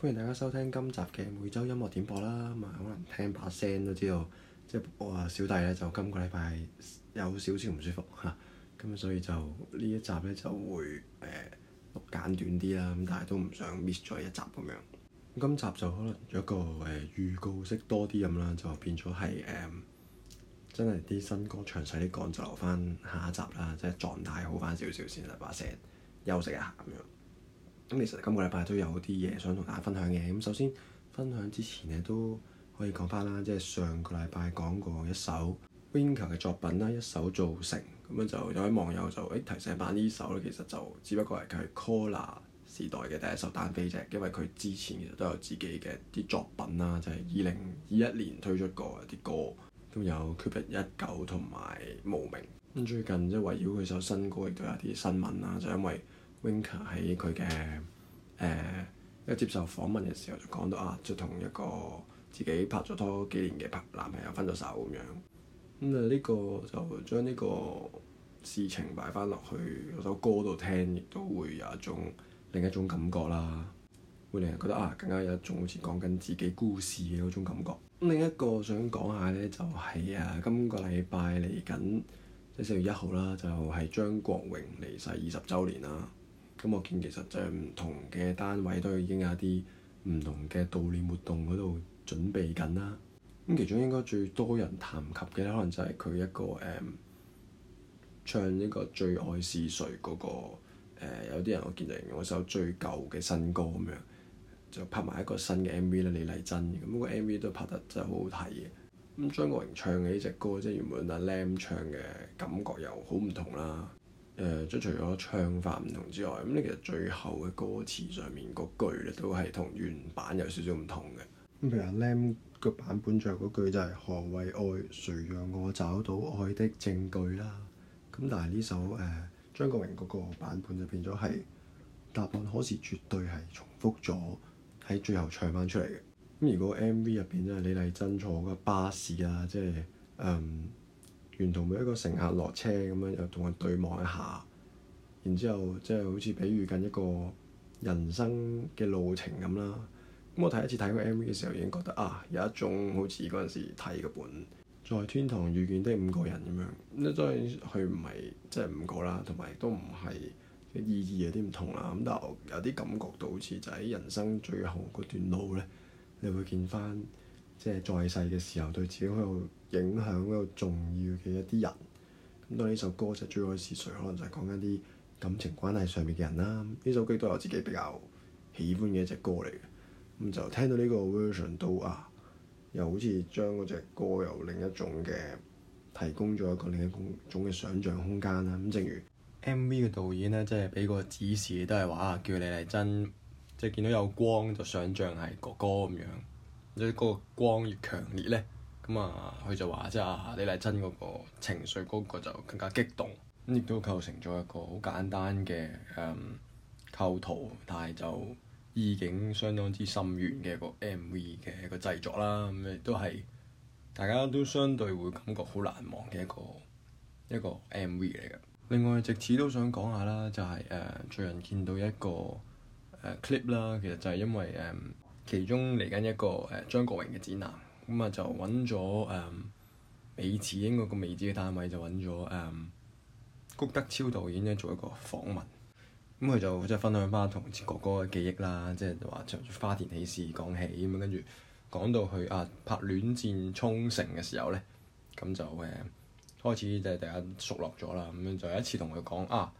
歡迎大家收聽今集嘅每周音樂點播啦，咁啊可能聽把聲都知道，即係我啊小弟咧就今個禮拜有少少唔舒服嚇，咁所以就呢一集咧就會誒錄、呃、簡短啲啦，咁但係都唔想 miss 咗一集咁樣。今集就可能有一個誒預告式多啲咁啦，就變咗係誒真係啲新歌詳細啲講就留翻下一集啦，即係狀態好翻少少先啦，把聲休息一下咁樣。咁其實今個禮拜都有啲嘢想同大家分享嘅，咁首先分享之前咧都可以講翻啦，即係上個禮拜講過一首 Winka 嘅作品啦，一首《造成》咁樣就有位網友就誒、欸、提醒翻呢首咧，其實就只不過係佢係 Collar 時代嘅第一首單飛啫，因為佢之前其實都有自己嘅啲作品啦，就係二零二一年推出過啲歌，都有《Cupid 一九》同埋《無名》。咁最近即係圍繞佢首新歌亦都有啲新聞啦，就因為 Winka 喺佢嘅誒、呃，一接受訪問嘅時候就講到啊，就同一個自己拍咗拖幾年嘅朋男朋友分咗手咁樣。咁啊，呢個就將呢個事情擺翻落去首歌度聽，亦都會有一種另一種感覺啦，會令人覺得啊，更加有一種好似講緊自己故事嘅嗰種感覺。咁另一個想講下咧，就係、是、啊，今個禮拜嚟緊即係四月一號啦，就係、是、張國榮離世二十週年啦。咁我見其實就係唔同嘅單位都已經有啲唔同嘅悼念活動嗰度準備緊啦。咁其中應該最多人談及嘅，可能就係佢一個誒、um, 唱呢個《最愛是誰、那個》嗰、uh, 個，有啲人我見就我首最舊嘅新歌咁樣，就拍埋一個新嘅 MV 咧。李麗珍咁、那個 MV 都拍得真係好好睇嘅。咁張國榮唱嘅呢隻歌，即係原本阿、啊、Lam 唱嘅感覺又好唔同啦。誒即、呃、除咗唱法唔同之外，咁你其實最後嘅歌詞上面個句咧都係同原版有少少唔同嘅。咁譬如阿 Lam 嘅版本唱嗰句就係、是、何為愛，誰讓我找到愛的證據啦。咁但係呢首誒、呃、張國榮嗰個版本就變咗係答案，可是絕對係重複咗喺最後唱翻出嚟嘅。咁如果 MV 入邊咧，李麗珍坐個巴士啊，即係嗯。沿途每一個乘客落車咁樣又同佢對望一下，然之後即係、就是、好似比喻緊一個人生嘅路程咁啦。咁我第一次睇個 MV 嘅時候已經覺得啊，有一種好似嗰陣時睇嘅本，在天堂遇見的五個人咁樣。咁當然佢唔係即係五個啦，同埋都唔係嘅意義有啲唔同啦。咁但係我有啲感覺到好似就喺人生最後嗰段路咧，你會見返。即係在世嘅時候，對自己好有影響、好有重要嘅一啲人，咁當呢首歌就《最愛是誰》可能就係講緊啲感情關係上面嘅人啦。呢首歌都有自己比較喜歡嘅一隻歌嚟嘅，咁就聽到呢個 version 都啊，又好似將嗰隻歌由另一種嘅提供咗一個另一種嘅想像空間啦。咁正如 M V 嘅導演咧，即係俾個指示都係話啊，叫李麗珍，即係見到有光就想像係哥哥咁樣。即嗰個光越強烈呢，咁啊，佢就話即係李麗珍嗰個情緒嗰個就更加激動，咁亦都構成咗一個好簡單嘅誒、嗯、構圖，但係就意境相當之深遠嘅一個 MV 嘅一個製作啦，咁亦都係大家都相對會感覺好難忘嘅一個一個 MV 嚟嘅。另外，藉此都想講下啦，就係誒最近見到一個誒、嗯、clip 啦，其實就係因為誒。嗯其中嚟緊一個誒、呃、張國榮嘅展覽，咁、嗯、啊就揾咗誒美子，應該個美子嘅單位就揾咗誒谷德昭導演咧，做一個訪問。咁、嗯、佢就即係分享翻同哥哥嘅記憶啦，即係話從花田喜事講起咁，跟住講到去啊拍戀戰沖繩嘅時候咧，咁、嗯、就誒、嗯、開始就係大家熟落咗啦。咁、嗯、樣就一次同佢講啊，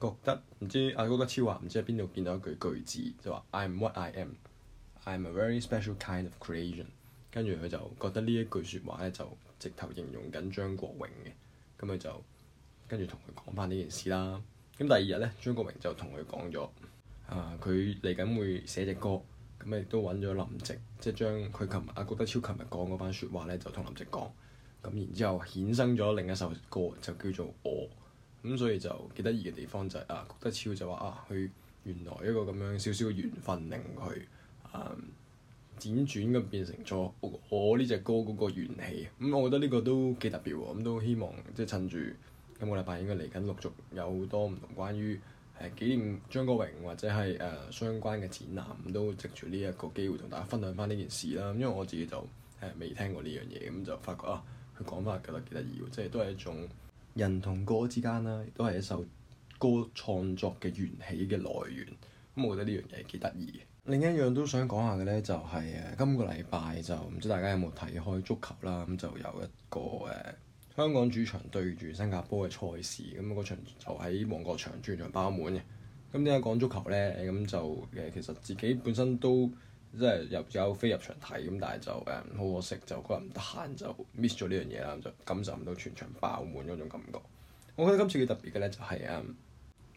覺得唔知啊，谷德昭話唔知喺邊度見到一句句子，就話 I am what I am。I'm a very special kind of creation。跟住佢就覺得呢一句說話咧，就直頭形容緊張國榮嘅。咁佢就跟住同佢講翻呢件事啦。咁第二日咧，張國榮就同佢講咗啊，佢嚟緊會寫隻歌。咁咪亦都揾咗林夕，即係將佢琴日啊谷德昭琴日講嗰班說話咧，就同林夕講。咁然之後衍生咗另一首歌，就叫做《我》。咁所以就幾得意嘅地方就係、是、啊，谷德昭就話啊，佢原來一個咁樣少少嘅緣分令佢。嗯，um, 輾轉咁變成咗我呢隻歌嗰個元氣，咁、嗯、我覺得呢個都幾特別喎。咁、嗯、都希望即係、就是、趁住今個禮拜應該嚟緊，陸續有好多唔同關於誒、呃、紀念張國榮或者係誒、呃、相關嘅展覽，咁都藉住呢一個機會同大家分享翻呢件事啦。咁、嗯、因為我自己就誒未、呃、聽過呢樣嘢，咁、嗯、就發覺啊，佢講翻覺得幾得意喎，即、就、係、是、都係一種人同歌之間啦，都係一首歌創作嘅元氣嘅來源。咁、嗯、我覺得呢樣嘢幾得意。另一樣都想講下嘅呢，就係誒今個禮拜就唔知大家有冇睇開足球啦，咁就有一個誒、呃、香港主場對住新加坡嘅賽事，咁嗰場就喺旺角場全場爆滿嘅。咁點解講足球呢？咁就誒其實自己本身都即係入有飛入場睇，咁但係就誒好可惜，就覺得唔得閒就 miss 咗呢樣嘢啦，就感受唔到全場爆滿嗰種感覺。我覺得今次幾特別嘅呢、就係，就係誒。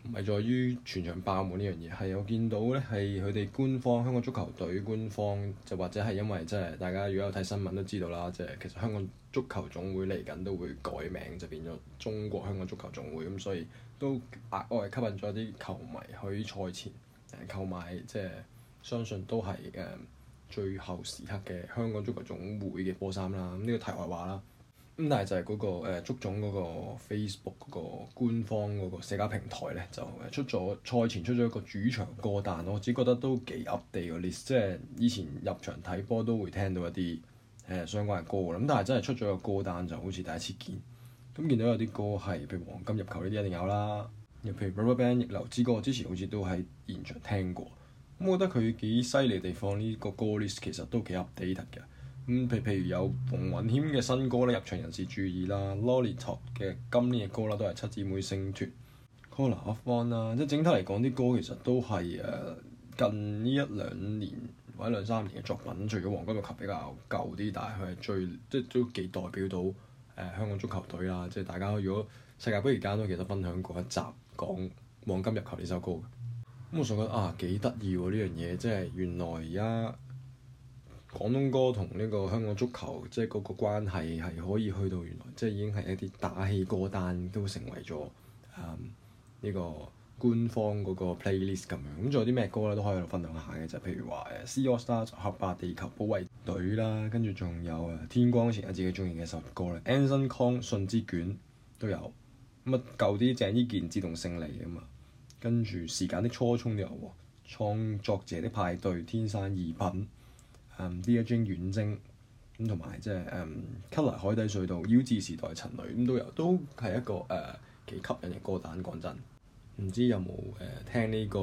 唔係在於全場爆滿呢樣嘢，係我見到咧，係佢哋官方香港足球隊官方，就或者係因為即係大家如果有睇新聞都知道啦，即係其實香港足球總會嚟緊都會改名，就變咗中國香港足球總會，咁所以都額外吸引咗啲球迷去賽前誒購買，即係相信都係誒最後時刻嘅香港足球總會嘅波衫啦。咁呢個題外話啦。咁但係就係嗰、那個誒足總嗰個 Facebook 嗰個官方嗰個社交平台咧，就出咗賽前出咗一個主場歌單咯。我只覺得都幾 update 個 list，即係以前入場睇波都會聽到一啲誒、呃、相關嘅歌。咁但係真係出咗個歌單就好似第一次見。咁見到有啲歌係譬如黃金入球呢啲一定有啦。又譬如 Rubberband 逆流之歌，我之前好似都喺現場聽過。咁我覺得佢幾犀利地方呢、這個歌 list 其實都幾 update 嘅。咁譬如有馮允謙嘅新歌咧，入場人士注意啦！Lolly Talk 嘅今年嘅歌啦，都係七姊妹星團 c a l l a r o n 啦，One，即係整體嚟講啲歌其實都係誒近呢一兩年或者兩三年嘅作品。除咗黃金入球比較舊啲，但係佢係最即係都幾代表到誒、呃、香港足球隊啦。即係大家如果世界杯而家都記得分享過一集講黃金入球呢首歌。咁我想覺得啊幾得意喎呢樣嘢，即係原來而家。廣東歌同呢個香港足球即係嗰個關係係可以去到原來即係、就是、已經係一啲打氣歌單都成為咗誒呢個官方嗰個 playlist 咁樣咁，仲有啲咩歌咧都可以喺度分享下嘅，就是、譬如話誒《C All Stars》《合白地球保衞隊》啦，跟住仲有誒《天光前》自己中意嘅一首歌咧，《Anson Kong》《信之卷》都有咁啊，舊啲鄭伊健自動勝利啊嘛，跟住《時間的初衷》又《創作者的派對》《天生二品》。d 啲、嗯、一張遠征咁，同埋即係誒 c u 海底隧道 U Z 時代塵埃咁都有，都係一個誒幾、呃、吸引嘅歌單講真，唔知有冇誒、呃、聽呢個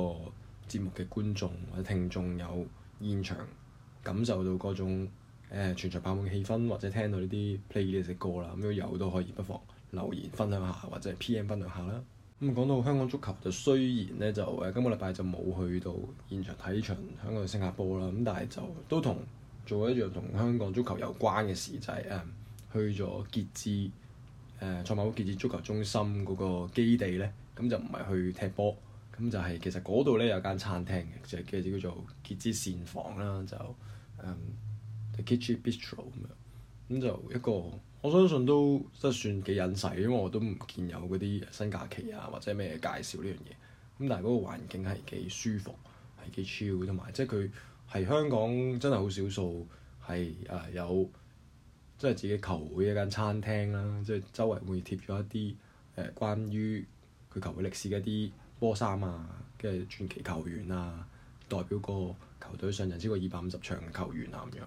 節目嘅觀眾或者聽眾有現場感受到嗰種全場爆滿嘅氣氛，或者聽到呢啲 play 呢啲歌啦咁，嗯、如果有都可以不妨留言分享下或者係 P M 分享下啦。咁講到香港足球，就雖然咧就誒，今個禮拜就冇去到現場睇場香港嘅新加坡啦。咁但係就都同做一樣同香港足球有關嘅事，就係、是、誒去咗傑志誒，賽、呃、馬會傑志足球中心嗰個基地咧。咁就唔係去踢波，咁就係、是、其實嗰度咧有間餐廳嘅，就叫做傑志膳房啦，就、嗯、誒 The Kitchen Bistro 咁樣。咁就一個。我相信都即係算幾隱世，因為我都唔見有嗰啲新假期啊，或者咩介紹呢樣嘢。咁但係嗰個環境係幾舒服，係幾 chill，同埋即係佢係香港真係好少數，係誒有即係自己球會一間餐廳啦。即係周圍會貼咗一啲誒關於佢球會歷史一啲波衫啊嘅傳奇球員啊，代表個球隊上陣超過二百五十場嘅球員啊咁樣。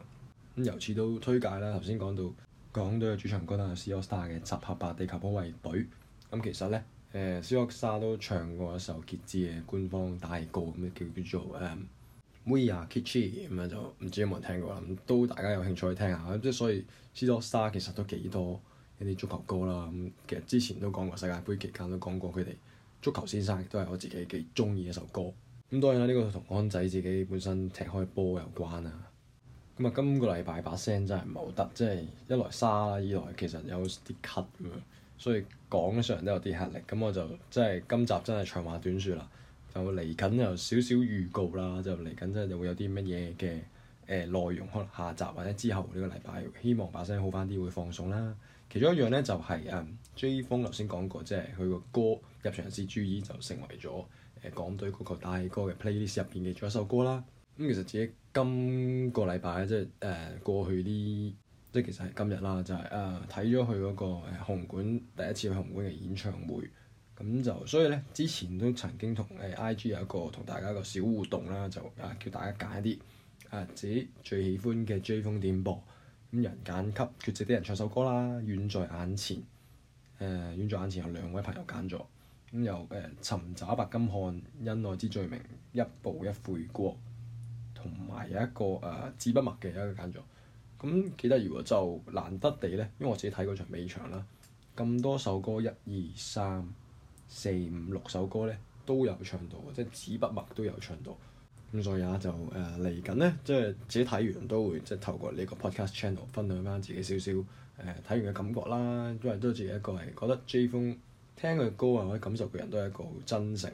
咁由此都推介啦，頭先講到。講到嘅主場歌啦，C AllStar 嘅集合吧！地球保衛隊，咁其實咧，誒 C AllStar 都唱過一首傑志嘅官方大歌，咁叫叫做誒 We Are Kitchee 咁樣就唔知有冇人聽過啦，咁都大家有興趣去聽下，咁即係所以 C AllStar 其實都幾多一啲足球歌啦，咁其實之前都講過世界盃期間都講過佢哋足球先生，都係我自己幾中意一首歌，咁當然啦，呢個同安仔自己本身踢開波有關啊。咁啊，今個禮拜把聲真係唔係好得，即係一來沙啦，二來其實有啲咳，所以講上都有啲吃力。咁我就即係今集真係長話短説啦，就嚟緊有少少預告啦，就嚟緊真係就會有啲乜嘢嘅誒內容，可能下集或者之後呢個禮拜，希望把聲好翻啲，會放送啦。其中一樣呢就係、是、啊，Jay Fung 頭先講過，即係佢個歌《入場人士注意》就成為咗誒、呃、港隊嗰個大歌嘅 Playlist 入邊嘅仲一首歌啦。咁、嗯、其實自己。今個禮拜即係誒過去啲，即係其實係今日啦，就係誒睇咗佢嗰個紅館第一次去紅館嘅演唱會咁就，所以咧之前都曾經同誒 I G 有一個同大家一個小互動啦，就啊、呃、叫大家揀一啲啊、呃、自己最喜歡嘅 Jay 風點播咁人揀，給缺席啲人唱首歌啦，遠在眼前誒、呃，遠在眼前有兩位朋友揀咗咁又誒、呃、尋找白金漢因我之罪名一步一悔過。同埋有一個誒、呃、字不墨嘅一個簡作，咁幾得如果就難得地咧，因為我自己睇嗰場尾場啦，咁多首歌，一、二、三、四、五、六首歌咧都，都有唱到，即係字不墨都有唱到。咁所以也就誒嚟緊咧，即係自己睇完都會即係透過呢個 podcast channel 分享翻自己少少誒睇、呃、完嘅感覺啦。因為都自己一個係覺得 J 風聽佢歌係可以感受佢人都係一個好真誠誒、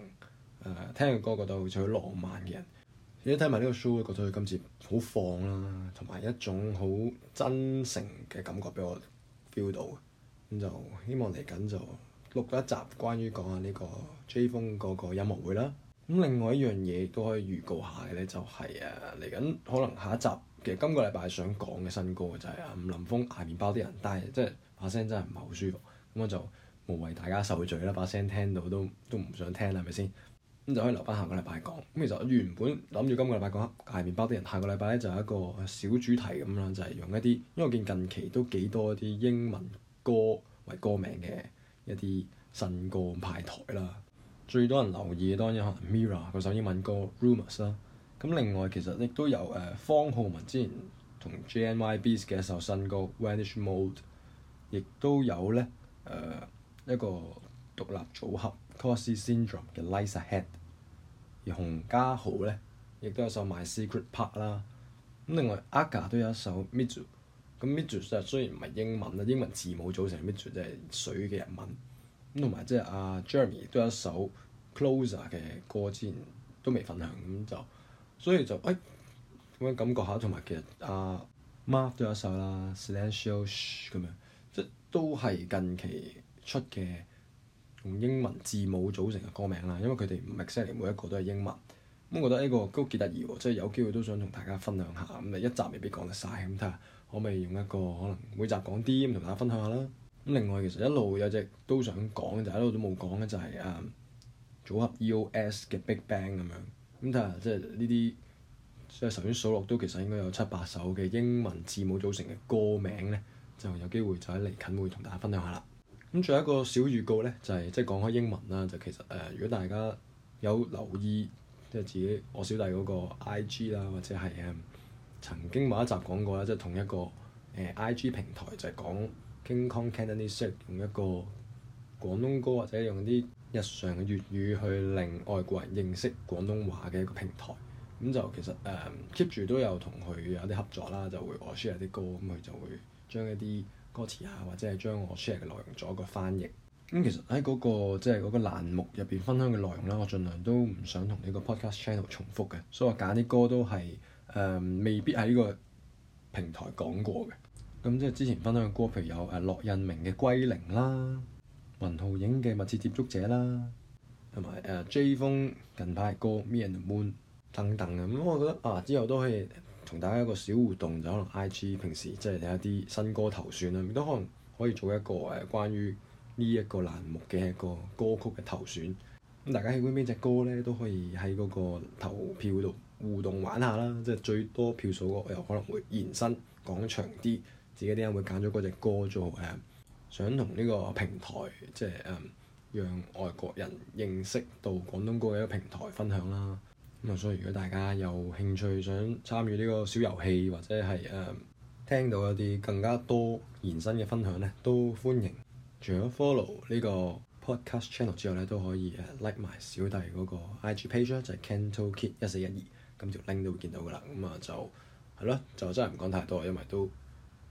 呃，聽佢歌覺得好似好浪漫嘅人。如果睇埋呢個 show 咧，覺得佢今次好放啦，同埋一種好真誠嘅感覺俾我 feel 到。咁就希望嚟緊就錄一集關於講下呢個 Jay Fung 嗰個音樂會啦。咁另外一樣嘢都可以預告下嘅咧，就係啊嚟緊可能下一集，其實今個禮拜想講嘅新歌就係啊吳林峯捱麵包啲人，但係即係把聲真係唔係好舒服。咁我就無謂大家受罪啦，把聲聽到都都唔想聽啦，係咪先？咁就可以留翻下個禮拜講。咁其實我原本諗住今個禮拜講下麵包啲人，下個禮拜咧就係一個小主題咁啦，就係、是、用一啲，因為我見近期都幾多啲英文歌為歌名嘅一啲新歌派台啦。最多人留意嘅當然可能 Mirror 嗰首英文歌 Rumours 啦。咁另外其實亦都有誒、呃、方浩文之前同 JNY Beats 嘅一首新歌 Vanish Mode，亦都有咧誒、呃、一個。獨立組合 Cossy Syndrome 嘅《Lies Ahead》，而洪家豪咧亦都有首《My Secret Part》啦。咁另外 Aga 都有一首《Midzu》。咁《Midzu》其實雖然唔係英文啦，英文字母組成 itsu，《Midzu》，即係水嘅日文咁。同埋即係阿 Jeremy 都有一首《Closer》嘅歌，之前都未分享咁就，所以就誒咁、哎、樣感覺下。同埋其實阿、啊、Mark 都有一首啦，《Silentio》咁樣，即係都係近期出嘅。用英文字母組成嘅歌名啦，因為佢哋唔係，每一個都係英文。咁我覺得呢個都幾得意喎，即係有機會都想同大家分享下。咁你一集未必講得晒，咁睇下可唔可以用一個可能每集講啲，咁同大家分享下啦。咁另外其實一路有隻都想講，一講就一路都冇講嘅就係啊組合 E.O.S 嘅 Big Bang 咁樣。咁睇下即係呢啲即係首先數落都其實應該有七八首嘅英文字母組成嘅歌名咧，就有機會就喺嚟近會同大家分享下啦。咁仲有一個小預告咧，就係即係講開英文啦。就其實誒，如果大家有留意，即係自己我小弟嗰個 IG 啦，或者係誒曾經某一集講過啦，即係同一個誒 IG 平台，就係講 King Kong Cantonese 用一個廣東歌或者用啲日常嘅粵語去令外國人認識廣東話嘅一個平台。咁就其實誒 keep 住都有同佢有啲合作啦，就會我 share 啲歌，咁佢就會將一啲。歌詞啊，或者係將我 share 嘅內容做一個翻譯。咁、嗯、其實喺嗰、那個即係嗰個欄目入邊分享嘅內容啦，我儘量都唔想同呢個 podcast channel 重複嘅，所以我揀啲歌都係誒、嗯、未必喺呢個平台講過嘅。咁即係之前分享嘅歌，譬如有誒洛、啊、印明嘅《歸零》啦，雲浩影嘅《密切接觸者》啦、啊，同埋誒 J 風近排歌《m e and Moon》等等咁、啊、我覺得啊，之後都可以。同大家一個小互動就可能 I G 平時即係睇一啲新歌投選啦，亦都可能可以做一個誒關於呢一個欄目嘅一個歌曲嘅投選。咁大家喜歡邊隻歌呢，都可以喺嗰個投票度互動玩下啦。即係最多票數個又可能會延伸講長啲，自己點解會揀咗嗰隻歌 player，做誒，想同呢個平台即係誒，讓外國人認識到廣東歌嘅一個平台分享啦。咁啊，所以如果大家有興趣想參與呢個小遊戲，或者係誒、嗯、聽到一啲更加多延伸嘅分享呢，都歡迎。除咗 follow 呢個 podcast channel 之外呢，都可以誒 like 埋小弟嗰個 IG page 就係 cantokid 一四一二，咁條 link 都會見到㗎啦。咁啊就係咯，就真係唔講太多，因為都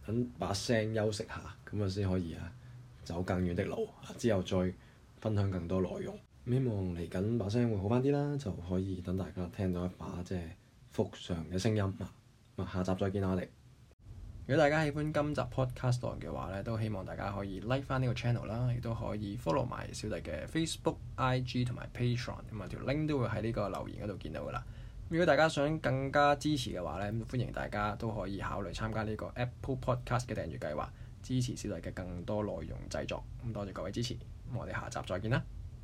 等把聲休息下，咁啊先可以啊走更遠的路之後再分享更多內容。希望嚟緊把聲會好翻啲啦，就可以等大家聽到一把即係復常嘅聲音啊！下集再見啦，我哋如果大家喜歡今集 podcast 嘅話咧，都希望大家可以 like 翻呢個 channel 啦，亦都可以 follow 埋小弟嘅 Facebook、IG 同埋 Patreon，咁啊條 link 都會喺呢個留言嗰度見到噶啦。如果大家想更加支持嘅話咧，歡迎大家都可以考慮參加呢個 Apple Podcast 嘅訂閱計劃，支持小弟嘅更多內容製作。咁多謝各位支持，我哋下集再見啦！